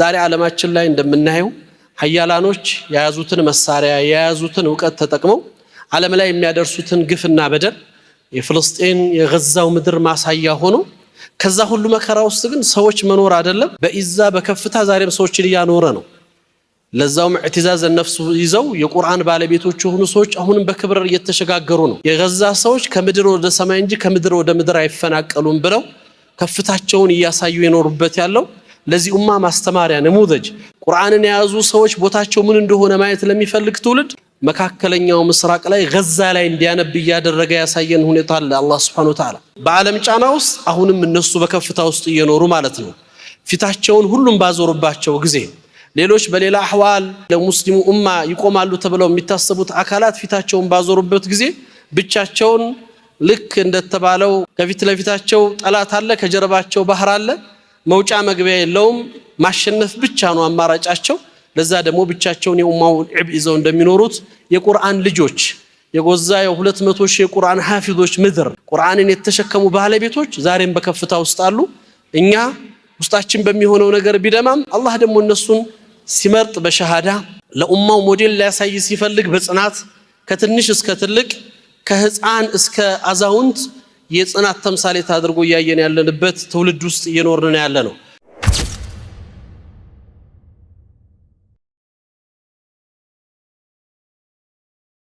ዛሬ ዓለማችን ላይ እንደምናየው ሀያላኖች የያዙትን መሳሪያ የያዙትን እውቀት ተጠቅመው ዓለም ላይ የሚያደርሱትን ግፍና በደል የፍልስጤን የገዛው ምድር ማሳያ ሆኖ ከዛ ሁሉ መከራ ውስጥ ግን ሰዎች መኖር አይደለም በኢዛ በከፍታ ዛሬም ሰዎችን እያኖረ ነው። ለዛውም እዕትዛዝ ነፍሱ ይዘው የቁርአን ባለቤቶች የሆኑ ሰዎች አሁንም በክብር እየተሸጋገሩ ነው። የገዛ ሰዎች ከምድር ወደ ሰማይ እንጂ ከምድር ወደ ምድር አይፈናቀሉም ብለው ከፍታቸውን እያሳዩ የኖሩበት ያለው ለዚህ ኡማ ማስተማሪያ ነሙዘጅ ቁርአንን የያዙ ሰዎች ቦታቸው ምን እንደሆነ ማየት ለሚፈልግ ትውልድ መካከለኛው ምስራቅ ላይ ገዛ ላይ እንዲያነብ እያደረገ ያሳየን ሁኔታ አለ። አላህ ሱብሓነሁ ወተዓላ በዓለም ጫና ውስጥ አሁንም እነሱ በከፍታ ውስጥ እየኖሩ ማለት ነው። ፊታቸውን ሁሉም ባዞሩባቸው ጊዜ ሌሎች በሌላ አህዋል ለሙስሊሙ ኡማ ይቆማሉ ተብለው የሚታሰቡት አካላት ፊታቸውን ባዞሩበት ጊዜ ብቻቸውን ልክ እንደተባለው ከፊት ለፊታቸው ጠላት አለ፣ ከጀርባቸው ባህር አለ። መውጫ መግቢያ የለውም። ማሸነፍ ብቻ ነው አማራጫቸው። ለዛ ደግሞ ብቻቸውን የኡማውን ዕብ ይዘው እንደሚኖሩት የቁርአን ልጆች የጎዛ የሁለት መቶ ሺህ የቁርአን ሐፊዞች ምድር ቁርአንን የተሸከሙ ባለቤቶች ዛሬም በከፍታ ውስጥ አሉ። እኛ ውስጣችን በሚሆነው ነገር ቢደማም አላህ ደግሞ እነሱን ሲመርጥ በሸሃዳ ለኡማው ሞዴል ሊያሳይ ሲፈልግ በጽናት ከትንሽ እስከ ትልቅ ከህፃን እስከ አዛውንት የጽናት ተምሳሌት አድርጎ እያየን ያለንበት ትውልድ ውስጥ እየኖርን ያለ ነው።